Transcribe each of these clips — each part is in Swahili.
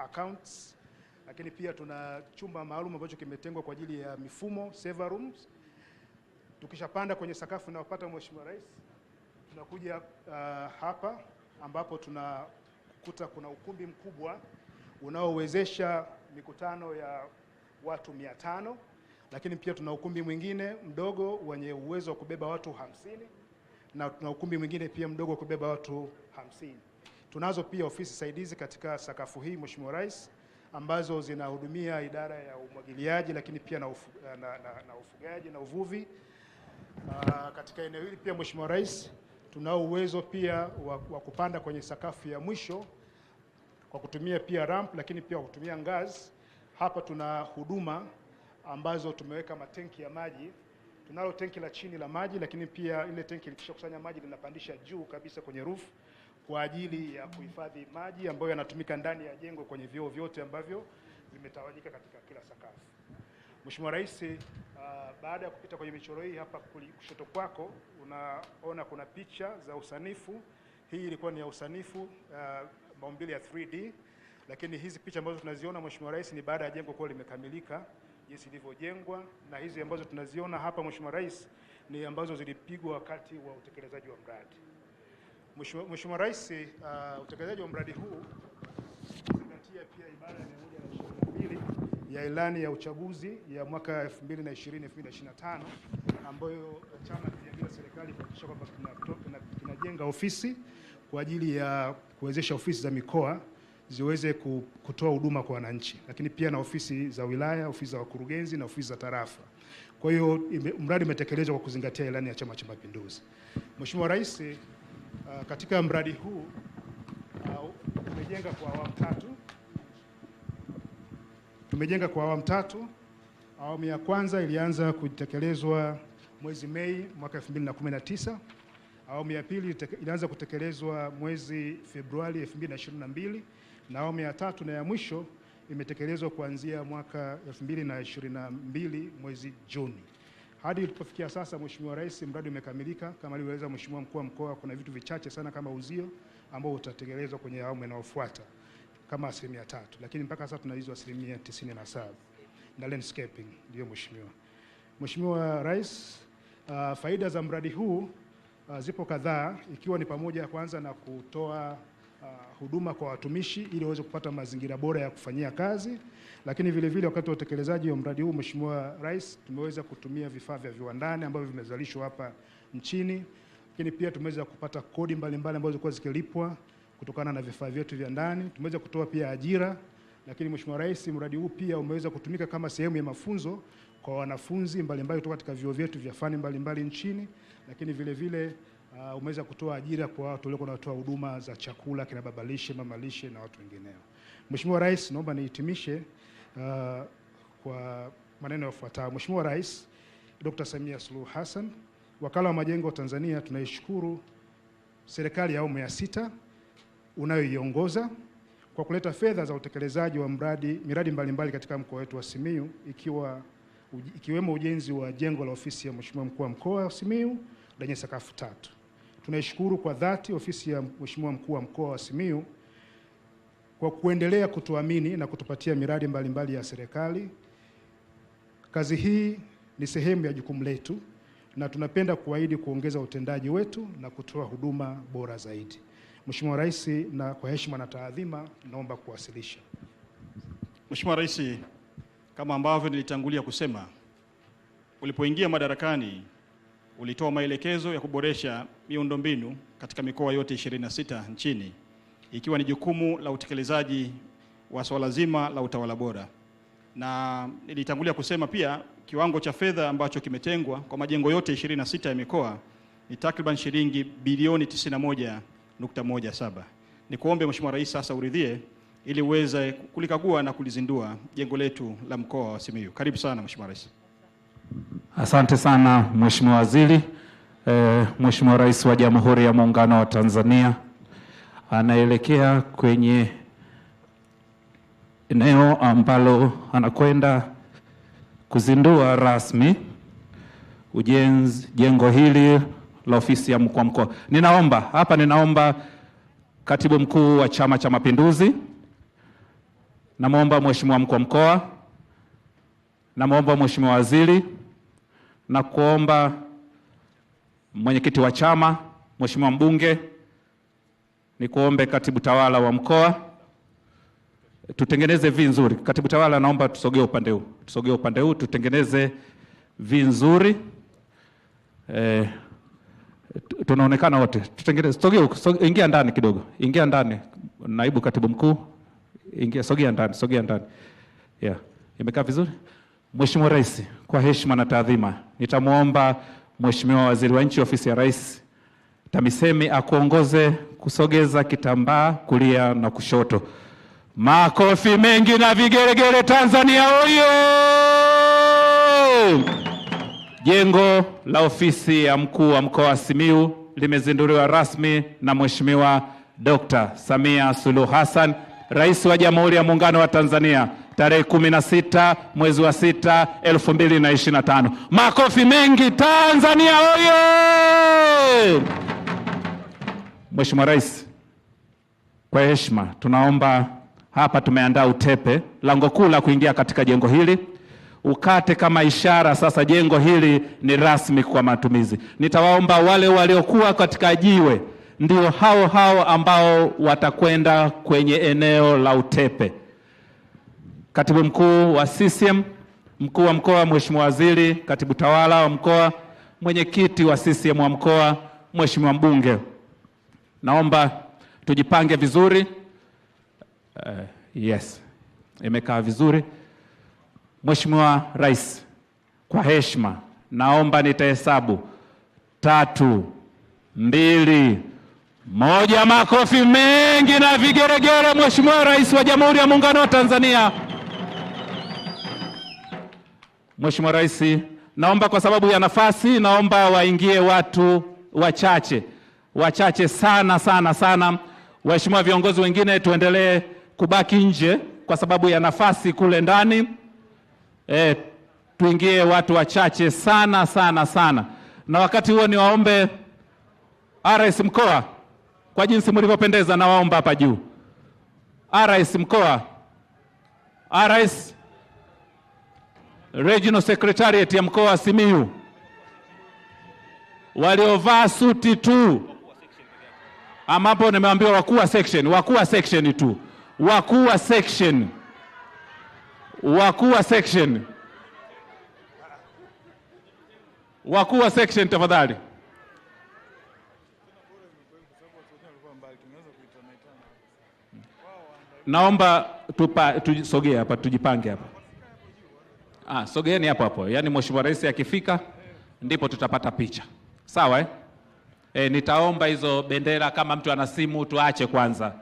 accounts, lakini pia tuna chumba maalum ambacho kimetengwa kwa ajili ya mifumo server rooms. Tukishapanda kwenye sakafu inayopata Mheshimiwa Rais, tunakuja uh, hapa ambapo tunakuta kuna ukumbi mkubwa unaowezesha mikutano ya watu mia tano lakini pia tuna ukumbi mwingine mdogo wenye uwezo wa kubeba watu hamsini na tuna ukumbi mwingine pia mdogo wa kubeba watu hamsini. Tunazo pia ofisi saidizi katika sakafu hii, Mheshimiwa Rais, ambazo zinahudumia idara ya umwagiliaji lakini pia na, ufu, eh, na, na, na ufugaji na uvuvi. uh, katika eneo hili pia Mheshimiwa Rais, tunao uwezo pia wa kupanda kwenye sakafu ya mwisho kwa kutumia pia ramp, lakini pia kwa kutumia ngazi. Hapa tuna huduma ambazo tumeweka matenki ya maji. Tunalo tenki la chini la maji, lakini pia ile tenki likishakusanya maji linapandisha juu kabisa kwenye roof kwa ajili ya kuhifadhi maji ambayo yanatumika ndani ya jengo kwenye vyoo vyote ambavyo vimetawanyika katika kila sakafu. Mheshimiwa Rais, uh, baada ya kupita kwenye michoro hii hapa kushoto kwako, unaona kuna picha za usanifu. Hii ilikuwa ni ya usanifu uh, maumbile ya 3D, lakini hizi picha ambazo tunaziona Mheshimiwa Rais ni baada ya jengo kuwa limekamilika jinsi ilivyojengwa, na hizi ambazo tunaziona hapa Mheshimiwa Rais ni ambazo zilipigwa wakati wa utekelezaji wa mradi. Mheshimiwa Rais, uh, utekelezaji wa mradi huu kuzingatia pia ibara ya 122 ya ilani ya uchaguzi ya mwaka 2020 2025 ambayo chama kiliamini serikali kuhakikisha kwamba kinajenga ofisi kwa ajili ya kuwezesha ofisi za mikoa ziweze kutoa huduma kwa wananchi, lakini pia na ofisi za wilaya, ofisi za wakurugenzi na ofisi za tarafa. Kwa hiyo mradi umetekelezwa kwa kuzingatia ilani ya Chama cha Mapinduzi. Mheshimiwa Rais Ah, katika mradi huu ah, tumejenga kwa awamu tatu tumejenga kwa awamu tatu. Awamu ya kwanza ilianza kutekelezwa mwezi Mei mwaka 2019. Awamu ya pili ilianza kutekelezwa mwezi Februari 2022 na awamu ya tatu na ya mwisho imetekelezwa kuanzia mwaka 2022 mwezi Juni. Hadi ilipofikia sasa, Mheshimiwa Rais, mradi umekamilika. Kama alivyoeleza Mheshimiwa mkuu wa mkoa, kuna vitu vichache sana kama uzio ambao utatekelezwa kwenye awamu inayofuata kama asilimia tatu, lakini mpaka sasa tuna hizo asilimia tisini na saba na landscaping. Ndio Mheshimiwa Mheshimiwa Rais, uh, faida za mradi huu uh, zipo kadhaa ikiwa ni pamoja kwanza na kutoa uh, huduma kwa watumishi ili waweze kupata mazingira bora ya kufanyia kazi. Lakini vile vile wakati wa utekelezaji wa mradi huu, Mheshimiwa Rais, tumeweza kutumia vifaa vya viwandani ambavyo vimezalishwa hapa nchini, lakini pia tumeweza kupata kodi mbalimbali ambazo zilikuwa zikilipwa kutokana na vifaa vyetu vya ndani. Tumeweza kutoa pia ajira lakini Mheshimiwa Rais, mradi huu pia umeweza kutumika kama sehemu ya mafunzo kwa wanafunzi mbalimbali kutoka katika vyuo vyetu vya fani mbalimbali nchini, lakini vile vile uh, umeweza kutoa ajira kwa watu waliokuwa wanatoa huduma za chakula, kina baba lishe, mama lishe na watu wengineo. Mheshimiwa Rais, naomba nihitimishe uh, kwa maneno yafuatayo. Mheshimiwa Rais Dr. Samia Suluhu Hassan, wakala wa majengo Tanzania, tunaishukuru serikali ya awamu ya sita unayoiongoza kwa kuleta fedha za utekelezaji wa mradi, miradi mbalimbali katika mkoa wetu wa Simiyu ikiwa ikiwemo ujenzi wa jengo la ofisi ya Mheshimiwa mkuu wa mkoa wa Simiyu lenye sakafu tatu. Tunaishukuru kwa dhati ofisi ya Mheshimiwa Mkuu wa Mkoa wa Simiyu kwa kuendelea kutuamini na kutupatia miradi mbalimbali mbali ya serikali. Kazi hii ni sehemu ya jukumu letu na tunapenda kuahidi kuongeza utendaji wetu na kutoa huduma bora zaidi. Mheshimiwa Rais, na kwa heshima na taadhima naomba kuwasilisha. Mheshimiwa Rais, kama ambavyo nilitangulia kusema ulipoingia madarakani ulitoa maelekezo ya kuboresha miundombinu katika mikoa yote 26 nchini ikiwa ni jukumu la utekelezaji wa swala zima la utawala bora, na nilitangulia kusema pia kiwango cha fedha ambacho kimetengwa kwa majengo yote 26 ya mikoa ni takriban shilingi bilioni 91.17. Nikuombe Mheshimiwa Rais sasa uridhie ili uweze kulikagua na kulizindua jengo letu la mkoa wa Simiyu. Karibu sana Mheshimiwa Rais. Asante sana Mheshimiwa Waziri. E, Mheshimiwa Rais wa Jamhuri ya Muungano wa Tanzania anaelekea kwenye eneo ambalo anakwenda kuzindua rasmi ujenzi jengo hili la ofisi ya mkuu wa mkoa. Ninaomba hapa, ninaomba katibu mkuu wa Chama cha Mapinduzi, namwomba Mheshimiwa mkuu wa mkoa, namwomba Mheshimiwa Waziri na kuomba mwenyekiti wa chama Mheshimiwa mbunge, nikuombe katibu tawala wa mkoa tutengeneze vi nzuri. Katibu tawala, naomba tusogee upande huu, tusogee upande huu, tutengeneze vi nzuri eh, tunaonekana wote, tutengeneze. Sogea soge, ingia ndani kidogo, ingia ndani. Naibu katibu mkuu, ingia, sogea ndani, sogea ndani. Yeah, imekaa vizuri. Mheshimiwa Rais, kwa heshima na taadhima, nitamwomba Mheshimiwa Waziri wa Nchi, Ofisi ya Rais, TAMISEMI akuongoze kusogeza kitambaa kulia na kushoto. Makofi mengi na vigelegele! Tanzania oyo! Jengo la ofisi ya mkuu wa mkoa wa Simiyu limezinduliwa rasmi na Mheshimiwa Dr. Samia Suluhu Hassan, Rais wa Jamhuri ya Muungano wa Tanzania tarehe 16 mwezi wa 6 tano. Makofi mengi Tanzania oye! Mheshimiwa Rais, kwa heshima tunaomba hapa, tumeandaa utepe, lango kuu la kuingia katika jengo hili ukate kama ishara sasa jengo hili ni rasmi kwa matumizi. Nitawaomba wale waliokuwa katika jiwe ndio hao hao ambao watakwenda kwenye eneo la utepe katibu mkuu wa CCM, mkuu wa mkoa mheshimiwa waziri, katibu tawala wa mkoa, mwenyekiti wa CCM wa mkoa, mheshimiwa mbunge, naomba tujipange vizuri. Uh, yes, imekaa vizuri. Mheshimiwa Rais, kwa heshima naomba nitahesabu tatu, mbili, moja. Makofi mengi na vigeregere. Mheshimiwa Rais wa Jamhuri ya Muungano wa Tanzania. Mheshimiwa Rais, naomba kwa sababu ya nafasi, naomba waingie watu wachache wachache sana sana sana. Waheshimiwa viongozi wengine tuendelee kubaki nje kwa sababu ya nafasi kule ndani. E, tuingie watu wachache sana sana sana, na wakati huo niwaombe RS mkoa kwa jinsi mlivyopendeza, na waomba hapa juu RS mkoa, RS Regional Secretariat ya mkoa wa Simiyu waliovaa suti tu, ambapo nimeambiwa wakuu wa section, wakuu wa section tu, wakuu wa section, wakuu wa section, wakuu wa section, tafadhali. Naomba tupa, tusogee hapa, tujipange hapa. Ah, sogeeni hapo hapo, yaani Mheshimiwa Rais akifika ndipo tutapata picha, sawa eh? E, nitaomba hizo bendera kama mtu ana simu tuache kwanza,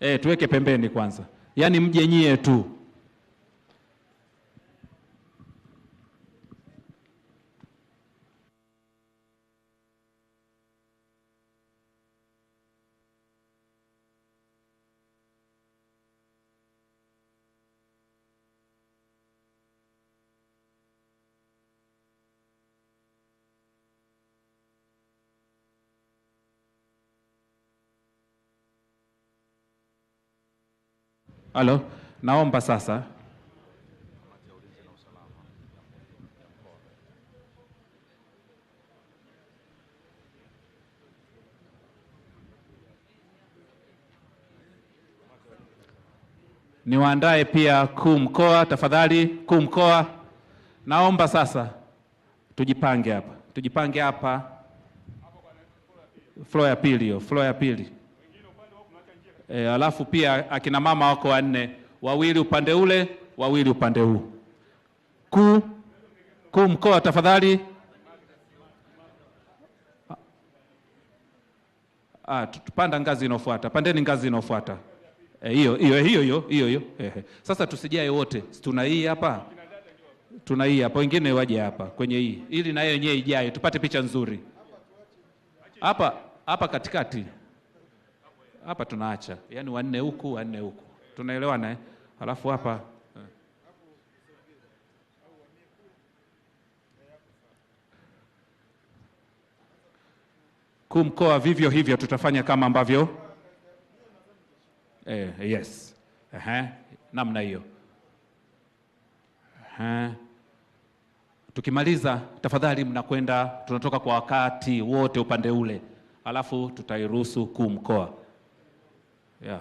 e, tuweke pembeni kwanza, yaani mje nyie tu. Halo, naomba sasa niwaandae pia kuu mkoa. Tafadhali kuu mkoa, naomba sasa tujipange hapa, tujipange hapa, floor ya pili hiyo, floor ya pili e, alafu pia akina mama wako wanne, wawili upande ule, wawili upande huu. Kuu kuu mkoa, tafadhali. Ah, ah tupanda ngazi inayofuata, pandeni ngazi inayofuata eh, hiyo hiyo hiyo hiyo hiyo hiyo. Sasa tusijae wote, tuna hii hapa, tuna hii hapa, wengine waje hapa kwenye hii, ili na yeye yenyewe ijae, tupate picha nzuri hapa hapa katikati hapa tunaacha, yaani wanne huku wanne huku, tunaelewana eh? Halafu hapa eh. kuu mkoa vivyo hivyo tutafanya kama ambavyo eh, yes uh-huh. namna hiyo uh-huh. Tukimaliza tafadhali, mnakwenda tunatoka kwa wakati wote upande ule, alafu tutairuhusu kuu mkoa yeah.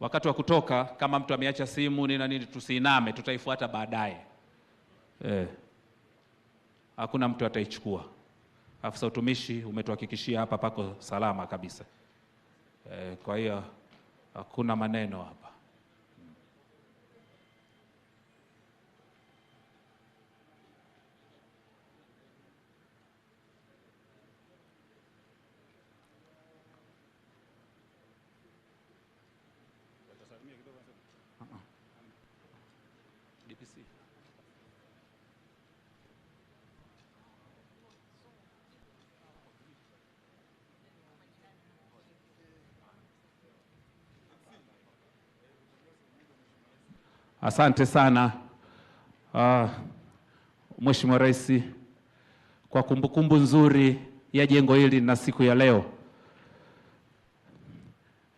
Wakati wa kutoka kama mtu ameacha simu nina nini, tusiiname, tutaifuata baadaye eh. Hakuna mtu ataichukua. Afisa utumishi umetuhakikishia hapa pako salama kabisa eh, kwa hiyo hakuna maneno hapa. Asante sana uh, Mheshimiwa Rais kwa kumbukumbu nzuri ya jengo hili na siku ya leo.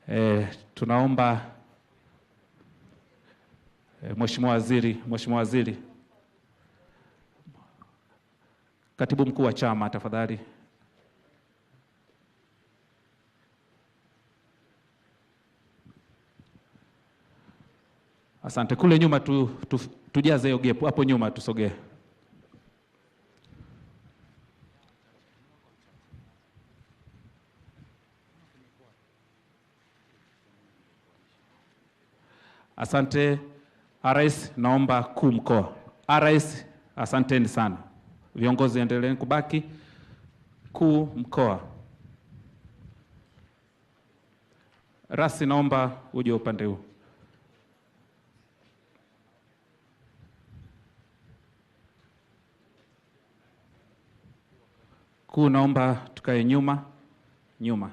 Eh, tunaomba Eh, Mheshimiwa Waziri, Mheshimiwa Waziri, Katibu Mkuu wa Chama tafadhali. Asante. Kule nyuma tu, tu, tujaze hiyo gepu hapo nyuma, tusogee. Asante rais naomba kuu mkoa. arais asanteni sana. Viongozi endeleeni kubaki. Kuu mkoa, rasi, naomba uje upande huu. Kuu, naomba tukae nyuma nyuma.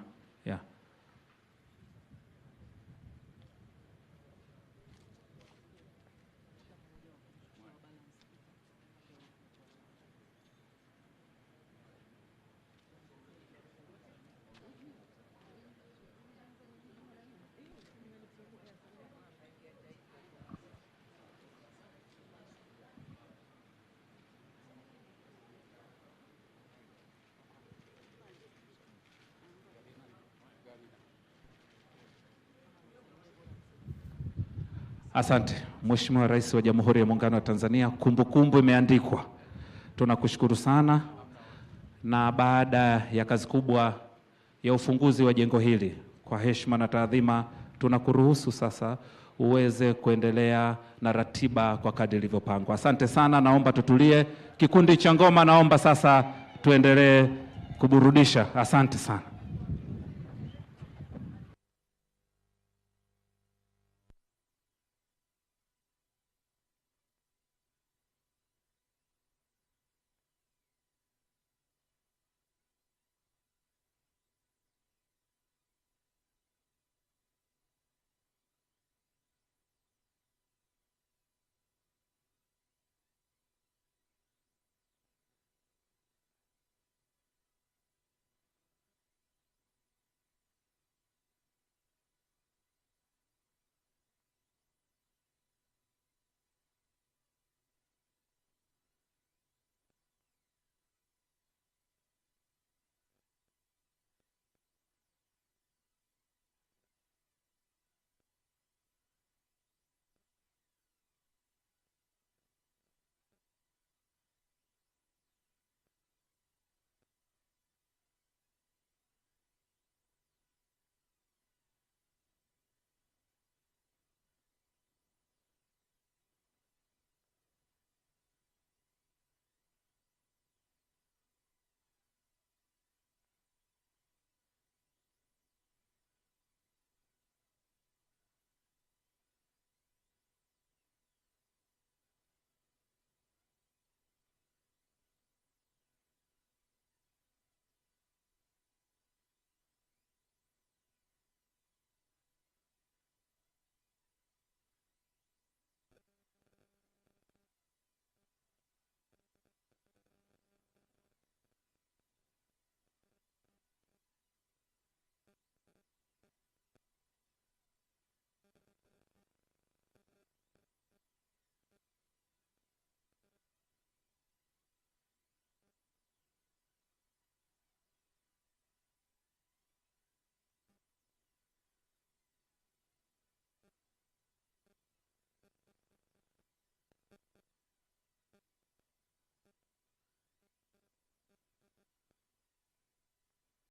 Asante Mheshimiwa Rais wa Jamhuri ya Muungano wa Tanzania, kumbukumbu imeandikwa. Tunakushukuru sana, na baada ya kazi kubwa ya ufunguzi wa jengo hili, kwa heshima na taadhima, tunakuruhusu sasa uweze kuendelea na ratiba kwa kadri ilivyopangwa. Asante sana, naomba tutulie. Kikundi cha ngoma, naomba sasa tuendelee kuburudisha. Asante sana.